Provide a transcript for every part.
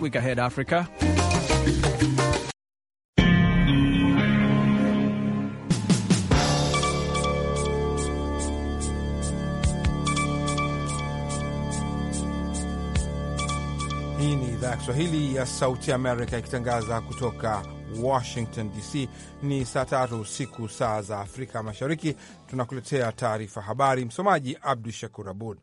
Week Ahead Africa. Hii ni idhaa ya Kiswahili ya Sauti Amerika ikitangaza kutoka Washington DC. Ni saa tatu usiku saa za Afrika Mashariki. Tunakuletea taarifa habari, msomaji Abdu Shakur Abud.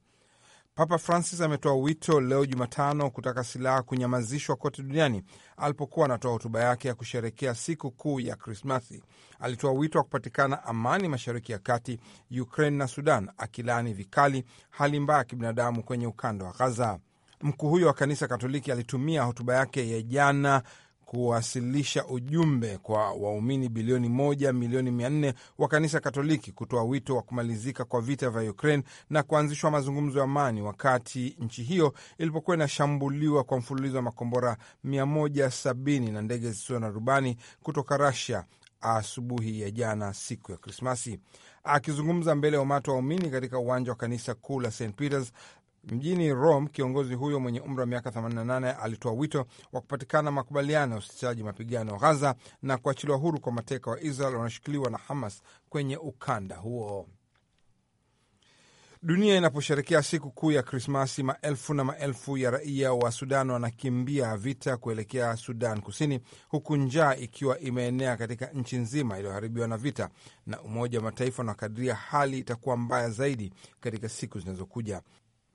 Papa Francis ametoa wito leo Jumatano kutaka silaha kunyamazishwa kote duniani. Alipokuwa anatoa hotuba yake ya kusherekea siku kuu ya Krismasi, alitoa wito wa kupatikana amani mashariki ya kati, Ukraine na Sudan, akilaani vikali hali mbaya ya kibinadamu kwenye ukanda wa Gaza. Mkuu huyo wa kanisa Katoliki alitumia hotuba yake ya jana kuwasilisha ujumbe kwa waumini bilioni moja milioni mia nne wa kanisa Katoliki kutoa wito wa kumalizika kwa vita vya Ukraine na kuanzishwa mazungumzo ya amani, wakati nchi hiyo ilipokuwa inashambuliwa kwa mfululizo wa makombora 170 na ndege zisizo na rubani kutoka rasia asubuhi ya jana, siku ya Krismasi. Akizungumza mbele ya umati wa waumini katika uwanja wa kanisa kuu la St Peters Mjini Rome, kiongozi huyo mwenye umri wa miaka 88 alitoa wito wa kupatikana makubaliano ya usitishaji mapigano Ghaza na kuachiliwa huru kwa mateka wa Israel wanaoshikiliwa na Hamas kwenye ukanda huo. Dunia inaposherekea siku kuu ya Krismasi, maelfu na maelfu ya raia wa Sudan wanakimbia vita kuelekea Sudan Kusini, huku njaa ikiwa imeenea katika nchi nzima iliyoharibiwa na vita, na Umoja wa Mataifa unakadiria hali itakuwa mbaya zaidi katika siku zinazokuja.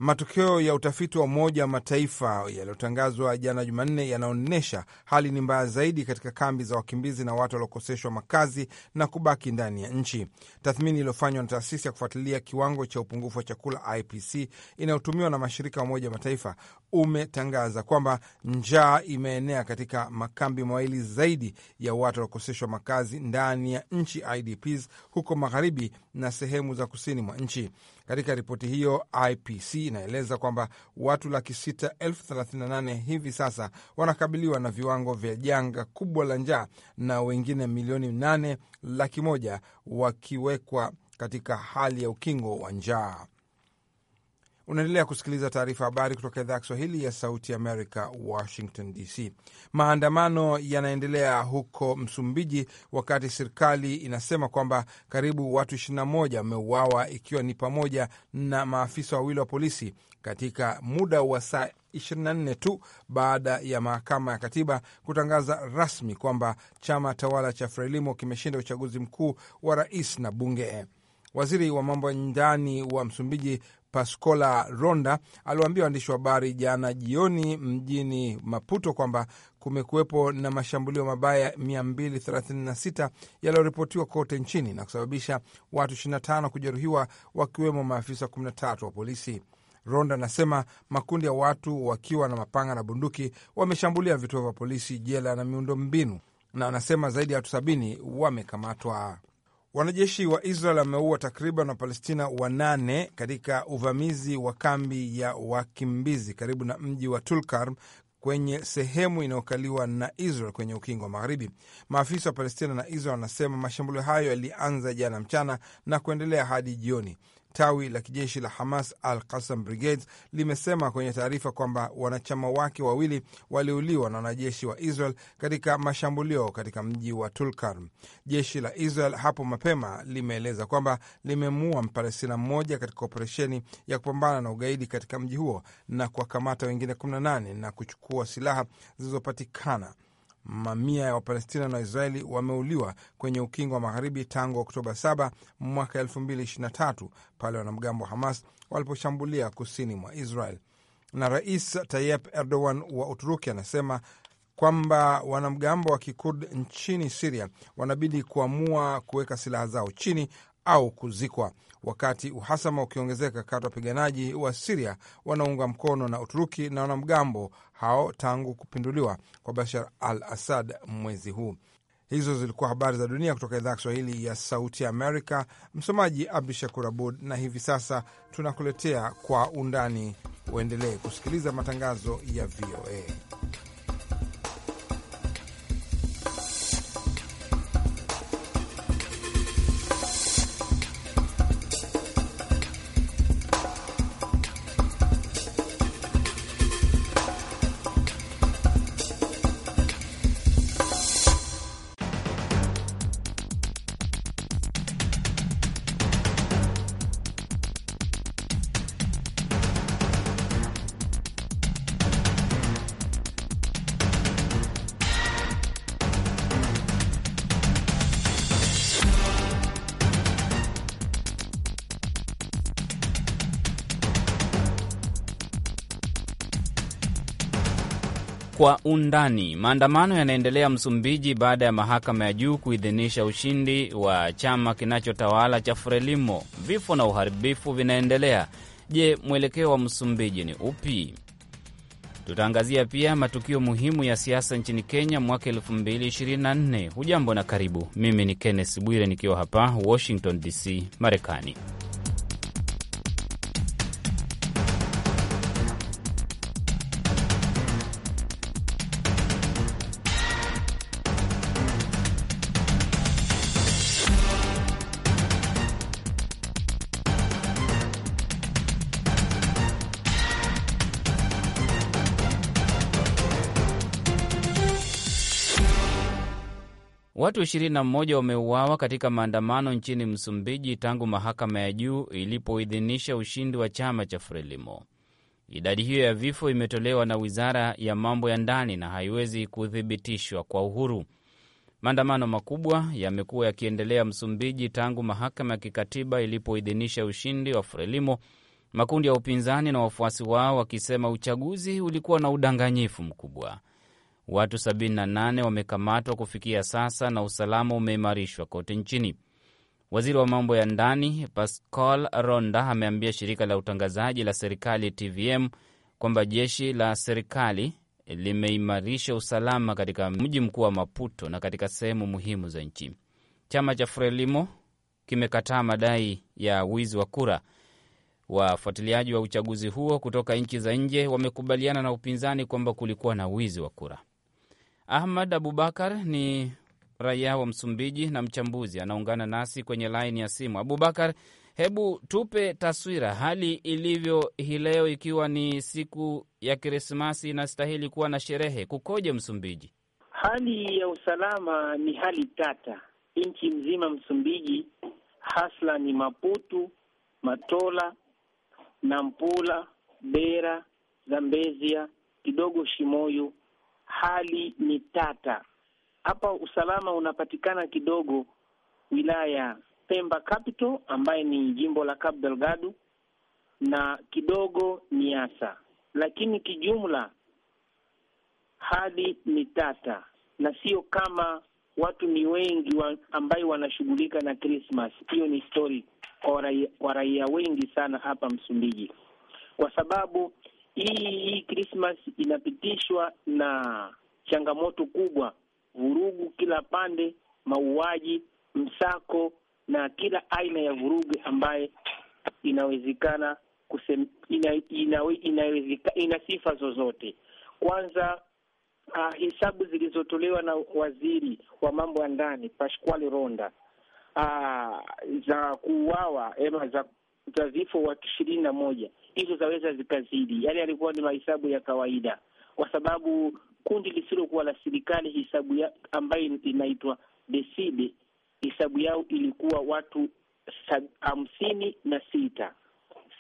Matokeo ya utafiti wa Umoja wa Mataifa yaliyotangazwa jana Jumanne yanaonyesha hali ni mbaya zaidi katika kambi za wakimbizi na watu waliokoseshwa makazi na kubaki ndani ya nchi. Tathmini iliyofanywa na taasisi ya kufuatilia kiwango cha upungufu wa chakula IPC inayotumiwa na mashirika ya Umoja wa Mataifa umetangaza kwamba njaa imeenea katika makambi mawili zaidi ya watu waliokoseshwa makazi ndani ya nchi IDPs huko magharibi na sehemu za kusini mwa nchi. Katika ripoti hiyo, IPC inaeleza kwamba watu laki sita elfu thelathini na nane hivi sasa wanakabiliwa na viwango vya janga kubwa la njaa na wengine milioni nane laki moja wakiwekwa katika hali ya ukingo wa njaa. Unaendelea kusikiliza taarifa habari kutoka idhaa ya Kiswahili ya Sauti Amerika, Washington DC. Maandamano yanaendelea huko Msumbiji, wakati serikali inasema kwamba karibu watu 21 wameuawa ikiwa ni pamoja na maafisa wawili wa polisi katika muda wa saa 24 tu baada ya mahakama ya katiba kutangaza rasmi kwamba chama tawala cha Frelimo kimeshinda uchaguzi mkuu wa rais na bunge. Waziri wa mambo ya ndani wa Msumbiji Pascola Ronda aliwaambia waandishi wa habari jana jioni mjini Maputo kwamba kumekuwepo na mashambulio mabaya 236 yaliyoripotiwa kote nchini na kusababisha watu 25 kujeruhiwa wakiwemo maafisa 13 wa polisi. Ronda anasema makundi ya watu wakiwa na mapanga na bunduki wameshambulia vituo vya polisi, jela na miundo mbinu, na anasema zaidi ya watu sabini wamekamatwa. Wanajeshi wa Israel wameua takriban Wapalestina wanane katika uvamizi wa kambi ya wakimbizi karibu na mji wa Tulkarm kwenye sehemu inayokaliwa na Israel kwenye ukingo wa Magharibi. Maafisa wa Palestina na Israel wanasema mashambulio hayo yalianza jana mchana na kuendelea hadi jioni. Tawi la kijeshi la Hamas Al Qassam Brigades limesema kwenye taarifa kwamba wanachama wake wawili waliuliwa na wanajeshi wa Israel katika mashambulio katika mji wa Tulkarm. Jeshi la Israel hapo mapema limeeleza kwamba limemuua Mpalestina mmoja katika operesheni ya kupambana na ugaidi katika mji huo na kuwakamata wengine 18 na kuchukua silaha zilizopatikana Mamia ya Wapalestina na Waisraeli wameuliwa kwenye ukingo wa magharibi tangu Oktoba 7 mwaka 2023 pale wanamgambo wa Hamas waliposhambulia kusini mwa Israel. Na Rais Tayyip Erdogan wa Uturuki anasema kwamba wanamgambo wa kikurd nchini Siria wanabidi kuamua kuweka silaha zao chini au kuzikwa wakati uhasama ukiongezeka kati wapiganaji wa Siria wanaunga mkono na Uturuki na wanamgambo hao tangu kupinduliwa kwa Bashar al Assad mwezi huu. Hizo zilikuwa habari za dunia kutoka idhaa ya Kiswahili ya Sauti Amerika. Msomaji Abdu Shakur Abud, na hivi sasa tunakuletea Kwa Undani. Uendelee kusikiliza matangazo ya VOA. Kwa undani. Maandamano yanaendelea Msumbiji baada ya mahakama ya juu kuidhinisha ushindi wa chama kinachotawala cha Frelimo. Vifo na uharibifu vinaendelea. Je, mwelekeo wa Msumbiji ni upi? Tutaangazia pia matukio muhimu ya siasa nchini Kenya mwaka 2024. Hujambo na karibu. Mimi ni Kenneth Bwire nikiwa hapa Washington DC, Marekani. Watu 21 wameuawa katika maandamano nchini Msumbiji tangu mahakama ya juu ilipoidhinisha ushindi wa chama cha Frelimo. Idadi hiyo ya vifo imetolewa na wizara ya mambo ya ndani na haiwezi kuthibitishwa kwa uhuru. Maandamano makubwa yamekuwa yakiendelea Msumbiji tangu mahakama ya kikatiba ilipoidhinisha ushindi wa Frelimo, makundi ya upinzani na wafuasi wao wakisema uchaguzi ulikuwa na udanganyifu mkubwa. Watu 78 wamekamatwa kufikia sasa na usalama umeimarishwa kote nchini. Waziri wa mambo ya ndani Pascal Ronda ameambia shirika la utangazaji la serikali TVM kwamba jeshi la serikali limeimarisha usalama katika mji mkuu wa Maputo na katika sehemu muhimu za nchi. Chama cha Frelimo kimekataa madai ya wizi wa kura. Wafuatiliaji wa uchaguzi huo kutoka nchi za nje wamekubaliana na upinzani kwamba kulikuwa na wizi wa kura. Ahmad Abubakar ni raia wa Msumbiji na mchambuzi, anaungana nasi kwenye laini ya simu. Abubakar, hebu tupe taswira hali ilivyo hii leo, ikiwa ni siku ya Krismasi inastahili kuwa na sherehe, kukoje Msumbiji? Hali ya usalama ni hali tata nchi mzima Msumbiji, hasla ni Maputu, Matola, Nampula, bera Zambezia, kidogo Shimoyu hali ni tata hapa. Usalama unapatikana kidogo wilaya ya Pemba capital, ambaye ni jimbo la Cabo Delgado na kidogo niasa lakini kijumla hali ni tata na sio kama watu ni wengi wa, ambayo wanashughulika na Christmas. Hiyo ni story kwa raia wengi sana hapa Msumbiji, kwa sababu hii hii Christmas inapitishwa na changamoto kubwa, vurugu kila pande, mauaji, msako na kila aina ya vurugu ambaye inawezekana kusem, ina, ina, ina, ina sifa zozote. Kwanza uh, hesabu zilizotolewa na waziri wa mambo ya ndani Pasquale Ronda uh, za kuuawa ema za, za vifo wa ishirini na moja hizo zaweza zikazidi. Yale yalikuwa ni mahesabu ya kawaida, kwa sababu kundi lisilokuwa la serikali hisabu ya ambayo inaitwa Decide, hisabu yao ilikuwa watu hamsini na sita.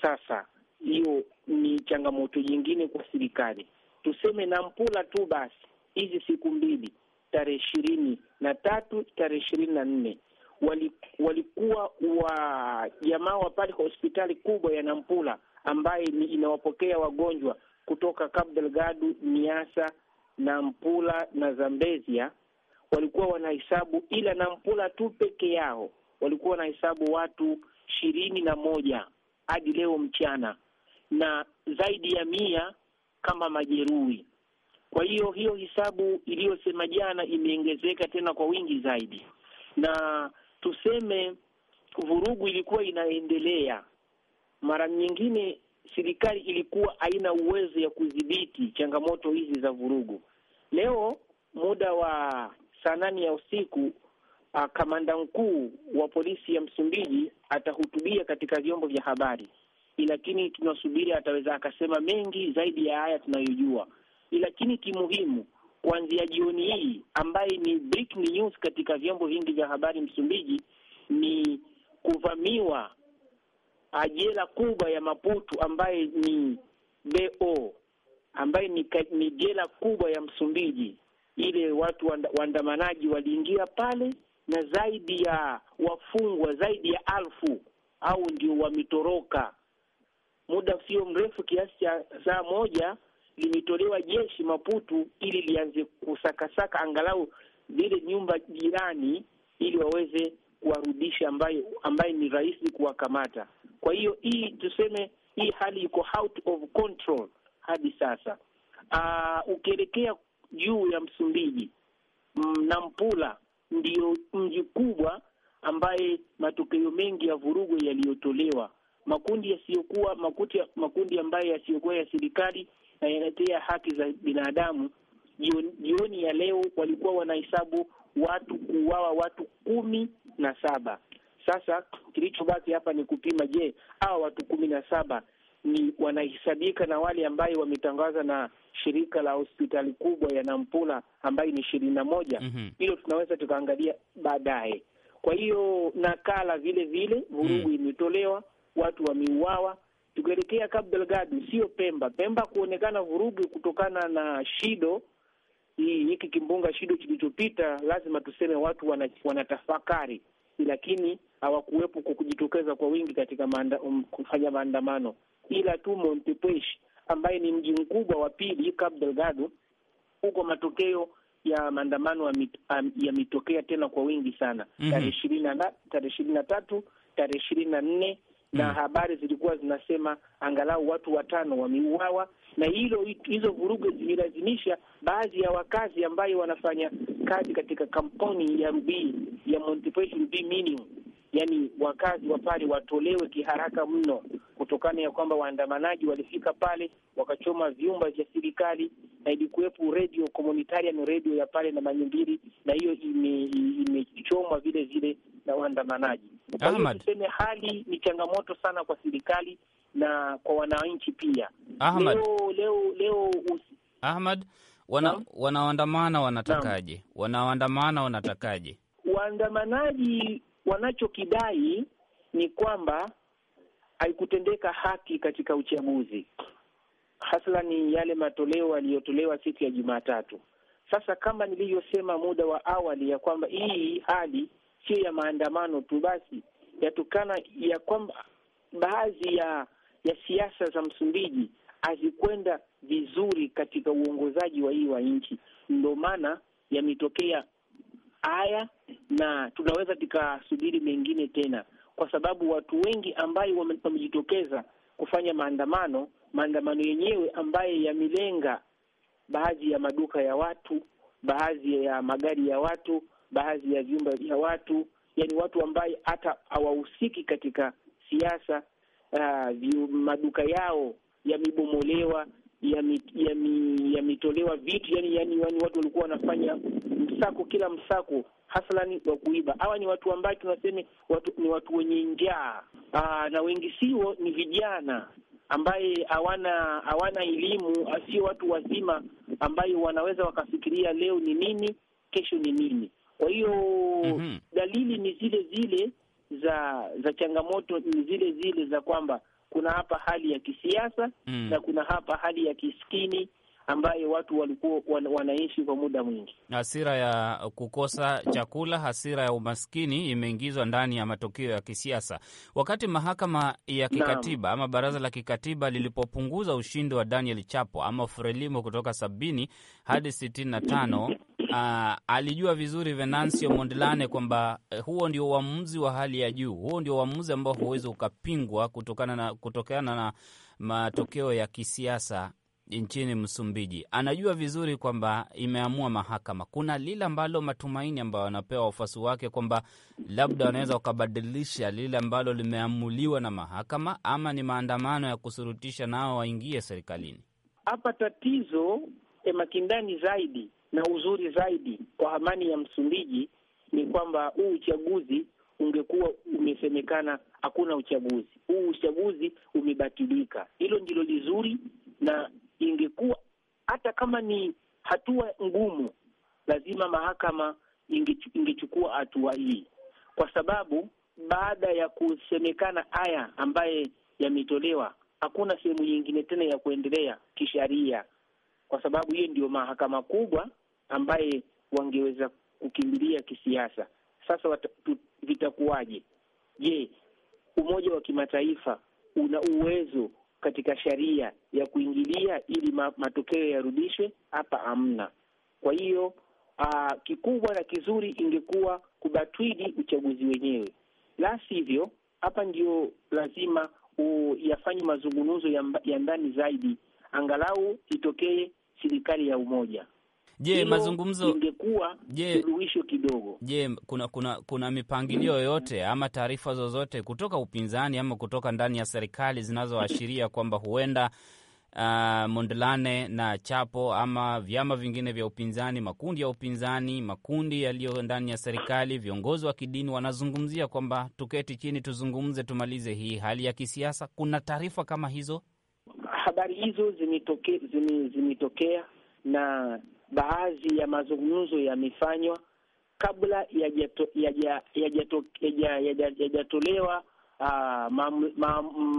Sasa hiyo ni changamoto nyingine kwa serikali. Tuseme Nampula tu basi, hizi siku mbili, tarehe ishirini na tatu tarehe ishirini na nne walikuwa wa jamaa wa pale kwa hospitali kubwa ya Nampula ambaye inawapokea wagonjwa kutoka Cabo Delgado, Niassa, Nampula na Zambezia walikuwa wanahesabu, ila Nampula tu peke yao walikuwa wanahesabu watu ishirini na moja hadi leo mchana, na zaidi ya mia kama majeruhi. Kwa hiyo hiyo hisabu iliyosema jana imeongezeka tena kwa wingi zaidi, na tuseme vurugu ilikuwa inaendelea mara nyingine serikali ilikuwa haina uwezo ya kudhibiti changamoto hizi za vurugu. Leo muda wa saa nane ya usiku a, ah, kamanda mkuu wa polisi ya Msumbiji atahutubia katika vyombo vya habari, lakini tunasubiri ataweza akasema mengi zaidi ya haya tunayojua, lakini kimuhimu kuanzia jioni hii ambaye ni breaking news katika vyombo vingi vya habari Msumbiji ni kuvamiwa ajira kubwa ya Maputo ambaye ni BO ambaye ni, ni jela kubwa ya Msumbiji. Ile watu waandamanaji waliingia pale na zaidi ya wafungwa zaidi ya alfu au ndio wametoroka. Muda sio mrefu, kiasi cha saa moja limetolewa jeshi maputu ili lianze kusakasaka angalau zile nyumba jirani ili waweze kuwarudisha, ambaye ambaye ni rahisi kuwakamata. Kwa hiyo hii tuseme, hii hali iko out of control hadi sasa. Uh, ukielekea juu ya Msumbiji, mm, Nampula ndiyo mji kubwa ambaye matokeo mengi ya vurugu yaliyotolewa makundi yasiyokuwa makuti, makundi ambayo yasiyokuwa ya serikali na yanatetea haki za binadamu. Jioni ya leo walikuwa wanahesabu watu kuuawa, watu kumi na saba. Sasa kilichobaki hapa ni kupima, je, hawa watu kumi na saba ni wanahesabika na wale ambayo wametangaza na shirika la hospitali kubwa ya Nampula ambayo ni ishirini na moja. mm -hmm. Hilo tunaweza tukaangalia baadaye. Kwa hiyo nakala vile vile vurugu mm. imetolewa, watu wameuawa. Tukielekea Cabo Delgado, sio Pemba. Pemba kuonekana vurugu kutokana na Shido hii hiki kimbunga shido kilichopita, lazima tuseme watu wana, wanatafakari, lakini hawakuwepo kwa kujitokeza kwa wingi katika maanda, um, kufanya maandamano, ila tu Montepuez ambaye ni mji mkubwa wa pili Cabo Delgado, huko matokeo ya maandamano um, yametokea tena kwa wingi sana mm -hmm. tarehe ishirini na tatu tarehe ishirini na nne na mm. habari zilikuwa zinasema angalau watu watano wameuawa, na hilo hizo vurugu zimelazimisha baadhi ya wakazi ambayo wanafanya kazi katika kampuni ya Rubii ya Montepresho Rubii Mining yani wakazi wa pale watolewe kiharaka mno, kutokana ya kwamba waandamanaji walifika pale wakachoma vyumba vya serikali, na ilikuwepo radio communitarian radio ya pale na Manyumbiri, na hiyo imechomwa ime vile vile na waandamanaji. Kwa tuseme hali ni changamoto sana kwa serikali na kwa wananchi pia. Ahmad, leo leo leo usi... Ahmad, wana wanatakaje? Wanaandamana wanatakaje? Waandamanaji wanachokidai ni kwamba haikutendeka haki katika uchaguzi, hasla ni yale matoleo yaliyotolewa siku ya Jumatatu. Sasa kama nilivyosema muda wa awali ya kwamba hii hali sio ya maandamano tu, basi yatokana ya kwamba baadhi ya ya siasa za Msumbiji hazikwenda vizuri katika uongozaji wa hii wa nchi, ndio maana yametokea haya, na tunaweza tukasubiri mengine tena, kwa sababu watu wengi ambayo wamejitokeza kufanya maandamano, maandamano yenyewe ambaye yamelenga baadhi ya maduka ya watu, baadhi ya magari ya watu, baadhi ya vyumba vya watu, yani watu ambaye hata hawahusiki katika siasa. Uh, maduka yao yamebomolewa, yametolewa vitu yani, yani, yani watu walikuwa wanafanya msako kila msako hasalani wa kuiba. Hawa ni watu ambao tunasema watu ni watu wenye njaa, ah, na wengi sio ni vijana ambaye hawana hawana elimu, sio watu wazima ambaye wanaweza wakafikiria leo ni nini, kesho ni nini. Kwa hiyo mm -hmm. dalili ni zile zile za za changamoto ni zile zile za kwamba kuna hapa hali ya kisiasa mm. na kuna hapa hali ya kiskini ambayo watu walikuwa wanaishi kwa muda mwingi. Hasira ya kukosa chakula, hasira ya umaskini imeingizwa ndani ya matokeo ya kisiasa. Wakati mahakama ya kikatiba ama baraza la kikatiba lilipopunguza ushindi wa Daniel Chapo ama Frelimo kutoka sabini hadi sitini na tano uh, alijua vizuri Venancio Mondlane kwamba eh, huo ndio uamuzi wa hali ya juu, huo ndio uamuzi ambao huwezi ukapingwa kutokana na, kutokana na matokeo ya kisiasa nchini Msumbiji. Anajua vizuri kwamba imeamua mahakama. Kuna lile ambalo matumaini ambayo wanapewa wafuasi wake kwamba labda wanaweza wakabadilisha lile ambalo limeamuliwa na mahakama, ama ni maandamano ya kusurutisha nao waingie serikalini. Hapa tatizo eh, makindani zaidi na uzuri zaidi kwa amani ya Msumbiji ni kwamba huu uchaguzi ungekuwa umesemekana hakuna uchaguzi, huu uchaguzi umebatilika. Hilo ndilo lizuri, na ingekuwa hata kama ni hatua ngumu, lazima mahakama ingechukua hatua hii, kwa sababu baada ya kusemekana haya ambaye yametolewa, hakuna sehemu nyingine tena ya kuendelea kisharia, kwa sababu hiyo ndiyo mahakama kubwa ambaye wangeweza kukimbilia kisiasa. Sasa vitakuwaje? Je, umoja wa kimataifa una uwezo katika sheria ya kuingilia ili matokeo yarudishwe? Hapa hamna. Kwa hiyo aa, ah, kikubwa na kizuri ingekuwa kubatwidi uchaguzi wenyewe, la sivyo hapa ndio lazima yafanye mazungumzo ya, ya ndani zaidi, angalau itokee serikali ya umoja. Je, mazungumzo ingekuwa suluhisho kidogo. Je, kuna kuna kuna mipangilio yoyote ama taarifa zozote kutoka upinzani ama kutoka ndani ya serikali zinazoashiria kwamba huenda Uh, Mondlane na Chapo ama vyama vingine vya upinzani, makundi ya upinzani, makundi yaliyo ndani ya serikali, viongozi wa kidini wanazungumzia kwamba tuketi chini tuzungumze, tumalize hii hali ya kisiasa. Kuna taarifa kama hizo? Habari hizo zimetokea, zimetokea na baadhi ya mazungumzo yamefanywa kabla yajatolewa ah,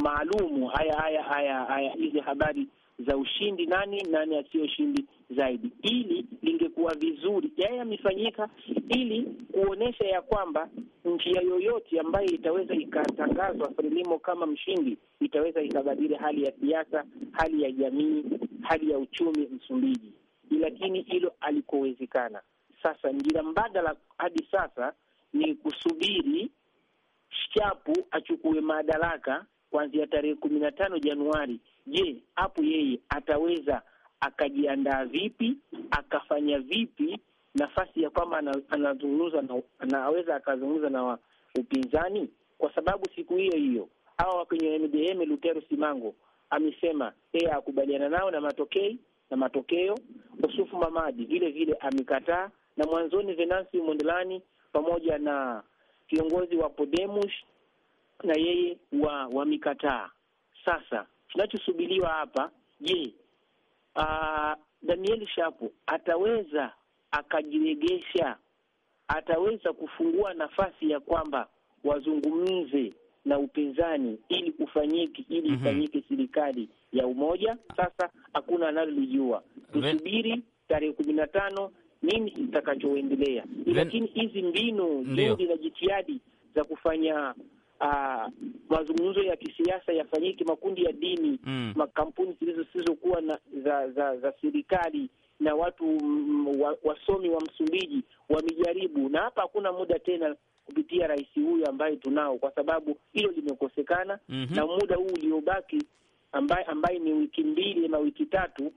maalumu haya haya haya haya hizi habari za ushindi, nani nani asiyo ushindi zaidi, ili lingekuwa vizuri yaye yamefanyika, ili kuonyesha ya kwamba njia yoyote ambayo itaweza ikatangazwa Frelimo kama mshindi itaweza ikabadili hali ya siasa, hali ya jamii, hali ya uchumi Msumbiji lakini hilo alikowezekana. Sasa njira mbadala hadi sasa ni kusubiri Shapu achukue madaraka kuanzia tarehe kumi na tano Januari. Je, hapo yeye ataweza akajiandaa vipi, akafanya vipi nafasi ya kwamba anazungumza na anaweza akazungumza na upinzani? Kwa sababu siku hiyo hiyo hawa wa MDM Lutero Simango amesema yeye akubaliana nao na matokei na matokeo, Yusufu Mamadi vile vile amekataa, na mwanzoni Venansi Mondelani pamoja na kiongozi wa Podemos na yeye wa wamekataa. Sasa tunachosubiliwa hapa, je, Daniel Shapo ataweza akajiregesha? Ataweza kufungua nafasi ya kwamba wazungumze na upinzani ili ufanyike, ili mhm. ifanyike mm -hmm. serikali ya umoja. Sasa hakuna analolijua, tusubiri tarehe kumi na tano nini kitakachoendelea, lakini hizi mbinu, juhudi na jitihadi za kufanya Uh, mazungumzo ya kisiasa yafanyike, makundi ya dini mm, makampuni zilizosizokuwa na za, za za serikali na watu mm, wa, wasomi wa Msumbiji wamejaribu, na hapa hakuna muda tena kupitia rais huyu ambaye tunao, kwa sababu hilo limekosekana, mm -hmm. na muda huu uliobaki ambaye, ambaye ni wiki mbili ama wiki tatu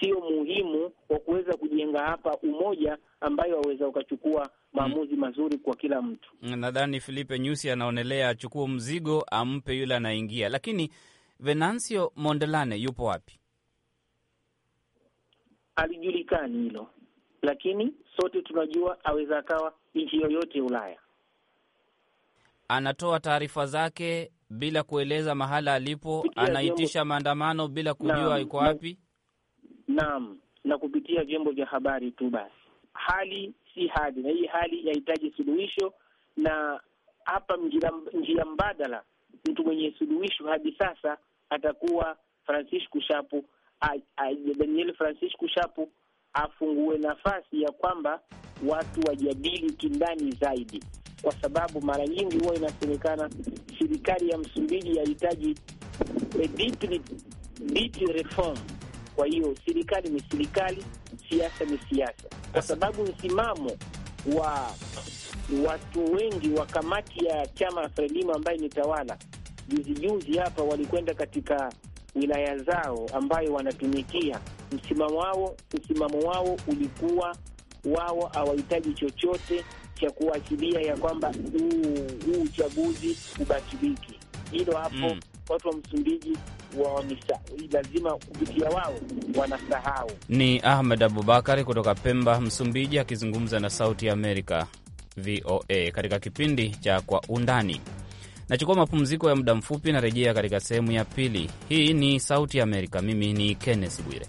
sio muhimu wa kuweza kujenga hapa umoja ambayo waweza ukachukua maamuzi mazuri kwa kila mtu. Nadhani Filipe Nyusi anaonelea achukue mzigo ampe yule anaingia, lakini Venancio Mondelane yupo wapi? Alijulikani hilo, lakini sote tunajua aweza akawa nchi yoyote Ulaya. Anatoa taarifa zake bila kueleza mahala alipo, anaitisha maandamano bila kujua iko wapi. Naam, na kupitia vyombo vya habari tu. Basi hali si hali, na hii hali yahitaji suluhisho, na hapa njia mbadala, mtu mwenye suluhisho hadi sasa atakuwa Francis Kushapu, Daniel Francis Kushapu afungue nafasi ya kwamba watu wajadili kindani zaidi kwa sababu mara nyingi huwa inasemekana serikali ya Msumbiji yahitaji reform. Kwa hiyo serikali ni serikali, siasa ni siasa, kwa sababu msimamo wa watu wengi wa kamati ya chama ya Frelimo ambaye ni tawala, juzi juzi hapa walikwenda katika wilaya zao ambayo wanatumikia, msimamo wao msimamo wao ulikuwa wao hawahitaji chochote cha kuachilia ya kwamba huu uchaguzi ubatiliki. Hilo hapo, mm. watu wa Msumbiji lazima kupitia wao wanasahau. Ni Ahmed Abubakari kutoka Pemba, Msumbiji, akizungumza na Sauti ya Amerika VOA katika kipindi cha Kwa Undani. Nachukua mapumziko ya muda mfupi, narejea katika sehemu ya pili. Hii ni Sauti ya Amerika. Mimi ni Kenneth Bwire.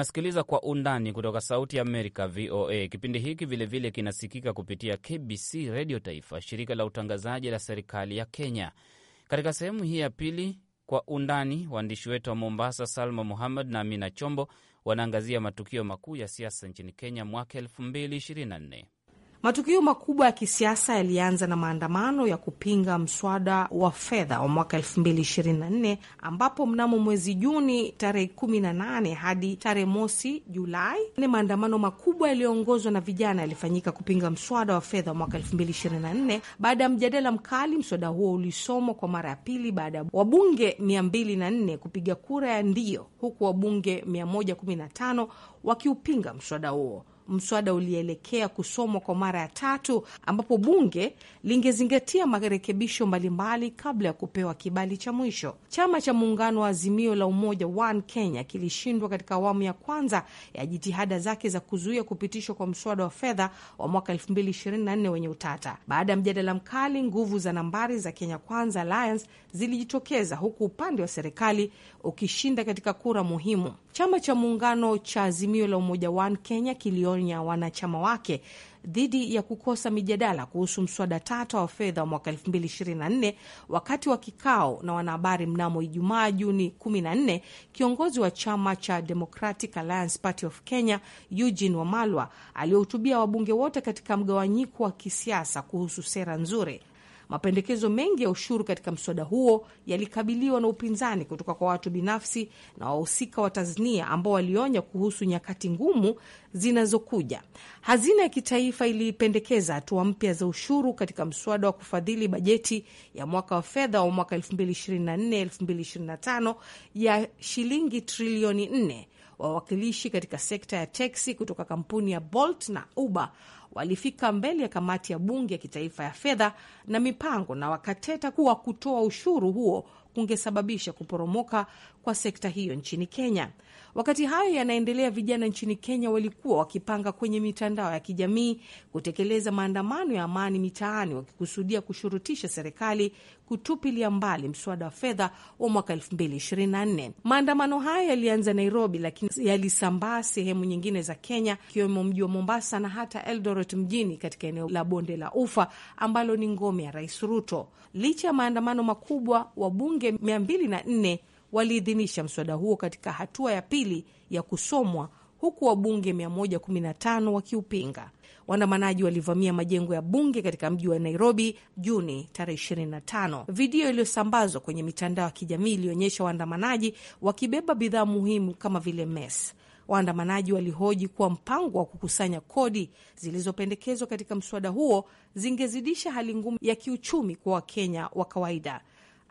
Unasikiliza Kwa Undani kutoka Sauti ya Amerika, VOA. Kipindi hiki vilevile vile kinasikika kupitia KBC Redio Taifa, shirika la utangazaji la serikali ya Kenya. Katika sehemu hii ya pili, Kwa Undani, waandishi wetu wa Mombasa, Salma Muhammad na Amina Chombo, wanaangazia matukio makuu ya siasa nchini Kenya mwaka 224 Matukio makubwa ya kisiasa yalianza na maandamano ya kupinga mswada wa fedha wa mwaka 2024 ambapo mnamo mwezi Juni tarehe 18 hadi tarehe mosi Julai ni maandamano makubwa yaliyoongozwa na vijana yalifanyika kupinga mswada wa fedha wa mwaka 2024. Baada ya mjadala mkali, mswada huo ulisomwa kwa mara ya pili baada ya wabunge 204 kupiga kura ya ndio, huku wabunge 115 wakiupinga mswada huo mswada ulielekea kusomwa kwa mara ya tatu, ambapo bunge lingezingatia marekebisho mbalimbali kabla ya kupewa kibali cha mwisho. Chama cha muungano wa Azimio la Umoja One Kenya kilishindwa katika awamu ya kwanza ya jitihada zake za kuzuia kupitishwa kwa mswada wa fedha wa mwaka 2024 wenye utata. Baada ya mjadala mkali, nguvu za nambari za Kenya Kwanza Alliance zilijitokeza huku upande wa serikali ukishinda katika kura muhimu. Chama cha muungano cha Azimio la Umoja One Kenya kilionya wanachama wake dhidi ya kukosa mijadala kuhusu mswada tata wa fedha wa mwaka 2024 wakati wa kikao na wanahabari mnamo Ijumaa Juni 14. Kiongozi wa chama cha Democratic Alliance Party of Kenya Eugene Wamalwa aliohutubia wabunge wote katika mgawanyiko wa kisiasa kuhusu sera nzuri. Mapendekezo mengi ya ushuru katika mswada huo yalikabiliwa na upinzani kutoka kwa watu binafsi na wahusika wa tasnia ambao walionya kuhusu nyakati ngumu zinazokuja. Hazina ya kitaifa ilipendekeza hatua mpya za ushuru katika mswada wa kufadhili bajeti ya mwaka wa fedha wa mwaka 2024/2025 ya shilingi trilioni 4. Wawakilishi katika sekta ya teksi kutoka kampuni ya Bolt na Uber walifika mbele ya kamati ya bunge ya kitaifa ya fedha na mipango na wakateta kuwa kutoa ushuru huo kungesababisha kuporomoka kwa sekta hiyo nchini Kenya. Wakati hayo yanaendelea, vijana nchini Kenya walikuwa wakipanga kwenye mitandao ya kijamii kutekeleza maandamano ya amani mitaani, wakikusudia kushurutisha serikali kutupilia mbali mswada wa fedha wa mwaka 2024. Maandamano hayo yalianza Nairobi, lakini yalisambaa sehemu nyingine za Kenya, ikiwemo mji wa Mombasa na hata Eldoret mjini, katika eneo la bonde la Ufa ambalo ni ngome ya Rais Ruto. Licha ya maandamano makubwa, wabunge 204 waliidhinisha mswada huo katika hatua ya pili ya kusomwa huku wabunge 115 wakiupinga. Waandamanaji walivamia majengo ya bunge katika mji wa Nairobi Juni tarehe 25. Video iliyosambazwa kwenye mitandao ya kijamii ilionyesha waandamanaji wakibeba bidhaa muhimu kama vile mes Waandamanaji walihoji kuwa mpango wa kukusanya kodi zilizopendekezwa katika mswada huo zingezidisha hali ngumu ya kiuchumi kwa Wakenya wa kawaida.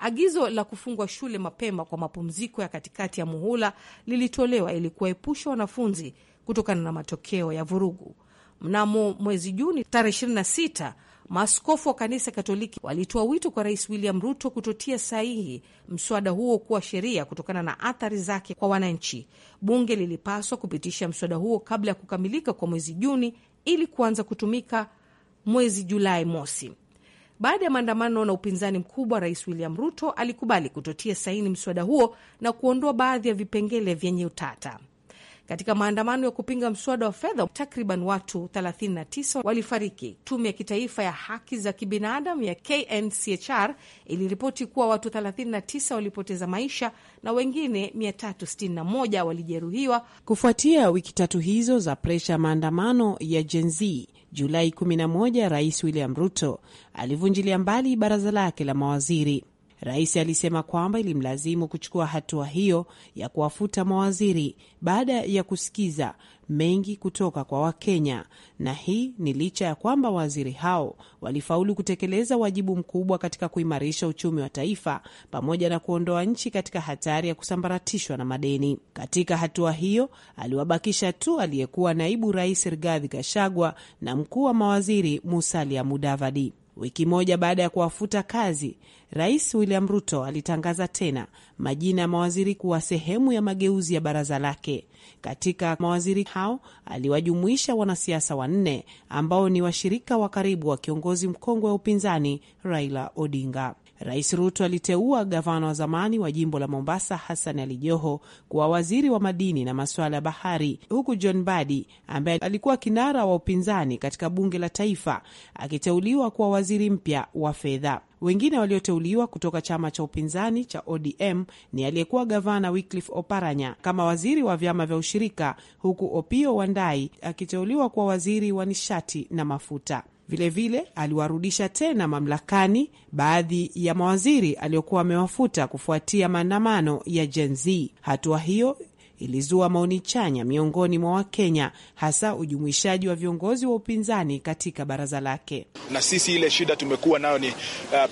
Agizo la kufungwa shule mapema kwa mapumziko ya katikati ya muhula lilitolewa ili kuwaepusha wanafunzi kutokana na matokeo ya vurugu. Mnamo mwezi Juni tarehe 26, maaskofu wa kanisa Katoliki walitoa wito kwa Rais William Ruto kutotia sahihi mswada huo kuwa sheria kutokana na athari zake kwa wananchi. Bunge lilipaswa kupitisha mswada huo kabla ya kukamilika kwa mwezi Juni ili kuanza kutumika mwezi Julai mosi. Baada ya maandamano na upinzani mkubwa, Rais William Ruto alikubali kutotia saini mswada huo na kuondoa baadhi ya vipengele vyenye utata. Katika maandamano ya kupinga mswada wa fedha, takriban watu 39 walifariki. Tume ya kitaifa ya haki za kibinadamu ya KNCHR iliripoti kuwa watu 39 walipoteza maisha na wengine 361 walijeruhiwa kufuatia wiki tatu hizo za presha ya maandamano ya Gen Z. Julai 11, Rais William Ruto alivunjilia mbali baraza lake la mawaziri. Rais alisema kwamba ilimlazimu kuchukua hatua hiyo ya kuwafuta mawaziri baada ya kusikiza mengi kutoka kwa Wakenya, na hii ni licha ya kwamba waziri hao walifaulu kutekeleza wajibu mkubwa katika kuimarisha uchumi wa taifa pamoja na kuondoa nchi katika hatari ya kusambaratishwa na madeni. Katika hatua hiyo, aliwabakisha tu aliyekuwa naibu rais Rigathi Gachagua na mkuu wa mawaziri Musalia Mudavadi. Wiki moja baada ya kuwafuta kazi, Rais William Ruto alitangaza tena majina ya mawaziri kuwa sehemu ya mageuzi ya baraza lake. Katika mawaziri hao aliwajumuisha wanasiasa wanne ambao ni washirika wa karibu wa kiongozi mkongwe wa upinzani Raila Odinga. Rais Ruto aliteua gavana wa zamani wa jimbo la Mombasa Hassan Ali Joho kuwa waziri wa madini na masuala ya bahari, huku John Badi ambaye alikuwa kinara wa upinzani katika bunge la taifa akiteuliwa kuwa waziri mpya wa fedha. Wengine walioteuliwa kutoka chama cha upinzani cha ODM ni aliyekuwa gavana Wycliffe Oparanya kama waziri wa vyama vya ushirika, huku Opio Wandai akiteuliwa kuwa waziri wa nishati na mafuta. Vilevile aliwarudisha tena mamlakani baadhi ya mawaziri aliyokuwa amewafuta kufuatia maandamano ya Gen Z. Hatua hiyo ilizua maoni chanya miongoni mwa Wakenya, hasa ujumuishaji wa viongozi wa upinzani katika baraza lake. Na sisi ile shida tumekuwa nayo ni uh,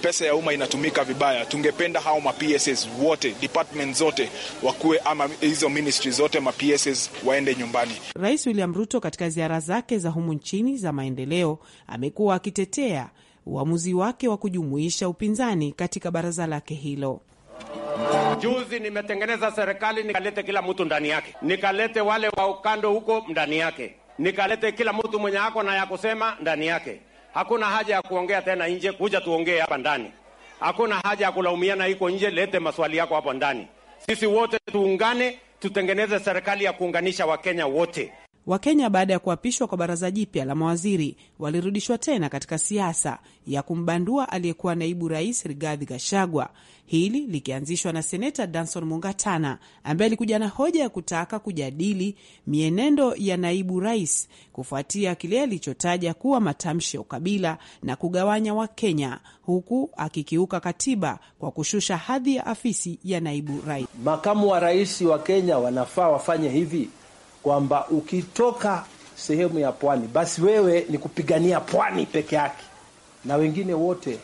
pesa ya umma inatumika vibaya. Tungependa hao ma PSs wote department zote wakuwe, ama hizo ministry zote ma PSs waende nyumbani. Rais William Ruto katika ziara zake za humu nchini za maendeleo amekuwa akitetea uamuzi wake wa kujumuisha upinzani katika baraza lake hilo. Juzi nimetengeneza serikali nikalete kila mtu ndani yake, nikalete wale wa ukando huko ndani yake, nikalete kila mtu mwenye ako na ya kusema ndani yake. Hakuna haja ya kuongea tena nje, kuja tuongee hapa ndani. Hakuna haja ya kulaumiana iko nje, lete maswali yako hapo ndani. Sisi wote tuungane, tutengeneze serikali ya kuunganisha Wakenya wote. Wakenya baada ya kuapishwa kwa baraza jipya la mawaziri walirudishwa tena katika siasa ya kumbandua aliyekuwa naibu rais Rigathi Gachagua, hili likianzishwa na seneta Danson Mungatana ambaye alikuja na hoja ya kutaka kujadili mienendo ya naibu rais kufuatia kile alichotaja kuwa matamshi ya ukabila na kugawanya Wakenya, huku akikiuka katiba kwa kushusha hadhi ya afisi ya naibu rais. Makamu wa rais wa Kenya wanafaa wafanye hivi kwamba ukitoka sehemu ya pwani, basi wewe ni kupigania pwani peke yake na wengine wote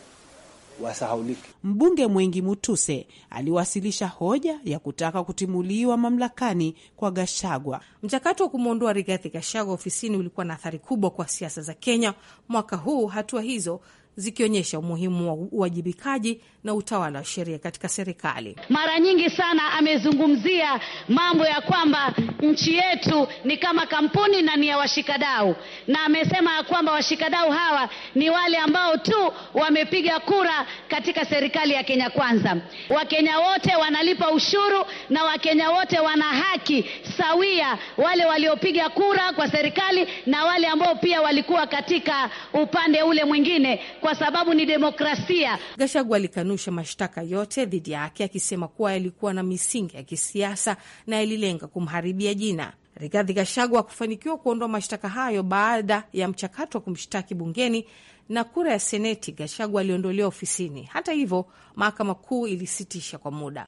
wasahaulike. Mbunge Mwengi Mutuse aliwasilisha hoja ya kutaka kutimuliwa mamlakani kwa Gashagwa. Mchakato wa kumwondoa Rigathi Gashagwa ofisini ulikuwa na athari kubwa kwa siasa za Kenya mwaka huu. Hatua hizo zikionyesha umuhimu wa uwajibikaji na utawala wa sheria katika serikali. Mara nyingi sana amezungumzia mambo ya kwamba nchi yetu ni kama kampuni na ni ya washikadau, na amesema ya kwamba washikadau hawa ni wale ambao tu wamepiga kura katika serikali ya Kenya Kwanza. Wakenya wote wanalipa ushuru na Wakenya wote wana haki sawia, wale waliopiga kura kwa serikali na wale ambao pia walikuwa katika upande ule mwingine kwa sababu ni demokrasia. gashagu alikanusha mashtaka yote dhidi yake akisema kuwa yalikuwa na misingi ya kisiasa na yalilenga kumharibia jina. Rigathi gashagu hakufanikiwa kuondoa mashtaka hayo baada ya mchakato wa kumshtaki bungeni na kura ya Seneti. gashagu aliondolewa ofisini. Hata hivyo, mahakama kuu ilisitisha kwa muda.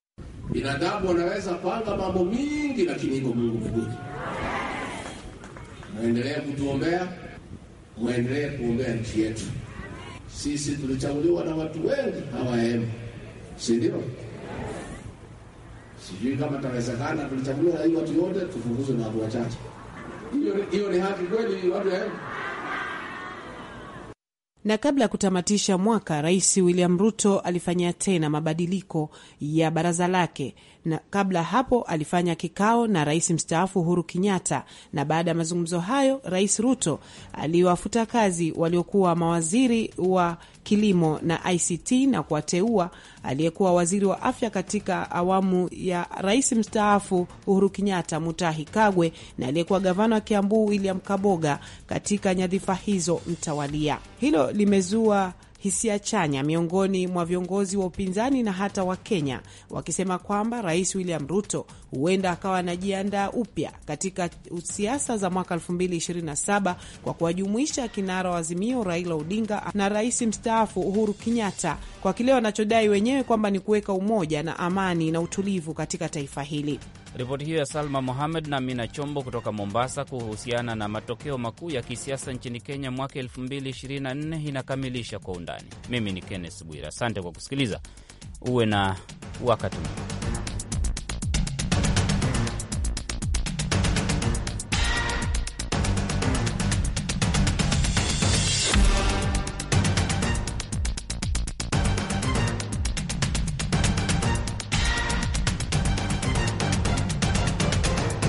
Binadamu wanaweza panga mambo mingi, lakini iko Mungu mmoja. Mwendelee kutuombea, mwendelee kuombea nchi yetu. Sisi tulichaguliwa na watu wengi hawaemi, si ndio? Sijui kama tawezekana, tulichaguliwa na hii watu yote, tufunguzwe na watu wachache. Hiyo ni haki kweli? Watu waemi na kabla ya kutamatisha mwaka, Rais William Ruto alifanyia tena mabadiliko ya baraza lake na kabla hapo alifanya kikao na rais mstaafu Uhuru Kenyatta, na baada ya mazungumzo hayo, Rais Ruto aliwafuta kazi waliokuwa mawaziri wa kilimo na ICT na kuwateua aliyekuwa waziri wa afya katika awamu ya rais mstaafu Uhuru Kenyatta, Mutahi Kagwe, na aliyekuwa gavana wa Kiambu William Kaboga katika nyadhifa hizo mtawalia. Hilo limezua hisia chanya miongoni mwa viongozi wa upinzani na hata wa kenya wakisema kwamba Rais William Ruto huenda akawa anajiandaa upya katika siasa za mwaka 2027 kwa kuwajumuisha kinara wa Azimio Raila Odinga na rais mstaafu Uhuru Kenyatta kwa kile wanachodai wenyewe kwamba ni kuweka umoja na amani na utulivu katika taifa hili. Ripoti hiyo ya Salma Mohamed na Mina Chombo kutoka Mombasa kuhusiana na matokeo makuu ya kisiasa nchini Kenya mwaka 2024 inakamilisha kwa undani. Mimi ni Kenneth Bwira, asante kwa kusikiliza. Uwe na wakati mwema.